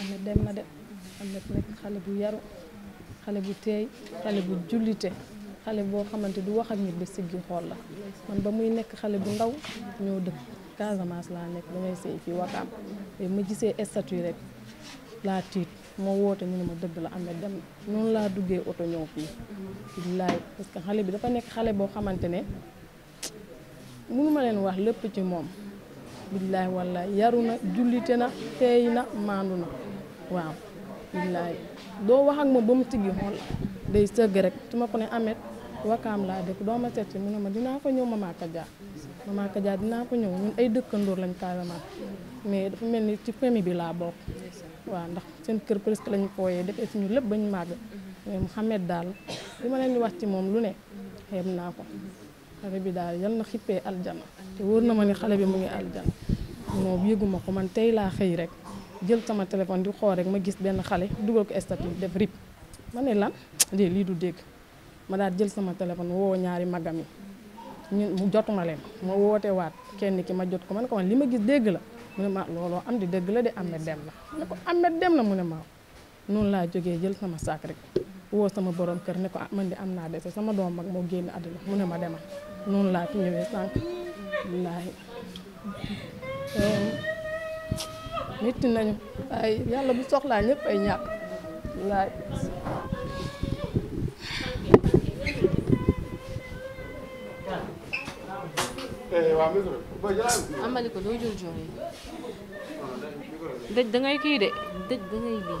Ameth dem na de Ameth nekk xale bu yaru xale bu teey xale bu jullite xale boo xamante du wax ak nit ba xool la ba muy nekk xale bu ndaw ñoo dëkk Casamance laa nekk damay sëy fii Wakaam mais ma gisee statut rek laa moo woote ñu dëgg la Ameth dem noonu laa duggee oto ñëw fii billaay parce xale bi dafa nekk xale boo xamante ne mënuma leen wax lépp ci moom billaahi wallaahi yaru na jullite na teey na maandu na waaw billaahi doo wax ak ma ba mu tiggi xool day sëgg rek su ma ko ne amet wakaam laa dëkk doo ma seet si mu ma dinaa ko ñëw Mama Kaja Mama Kaja dinaa ko ñëw ñun ay dëkkandoor lañ carrément mais dafa mel ni ci famille bi laa bokk waaw ndax seen kër presque lañ fooyee defee suñu lépp bañ màgg mais Mouhamed daal li ma leen di wax ci moom lu ne xeeb naa ko xale bi daal yal na xippee aljana te wóor na ma ni xale bi mu ngi aljana moom yëguma ko man tey laa xëy rek jël sama téléphone di xool rek ma gis benn xale dugal ko statut def rip ma ne lan de lii du dégg ma daal jël sama téléphone woo ñaari magam yi ñun mu jotuma leen ma woote waat kenn ki ma jot ko ma ne ko man li ma gis dégg la mu ne ma looloo am di dégg la de Ameth dem na ma ne ko Ameth dem na mu ne ma noonu laa jóge jël sama saak rek woo sama boroom kër ne ko ah man di am naa dese sama doom mag moo génn àdduna mu ne ma demal noonu laa ci ñëwee sànq wallaahi métti nañu waaye yàlla bu soxlaa ñëpp ay ñàkk wallaahi eh, amali ko doo jur jur yi dëj dangay kii de dëj dangay lii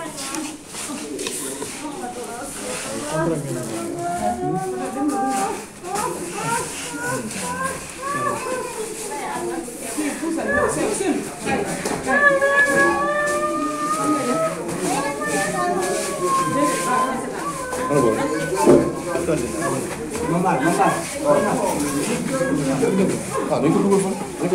waaw dañ ko dugal fan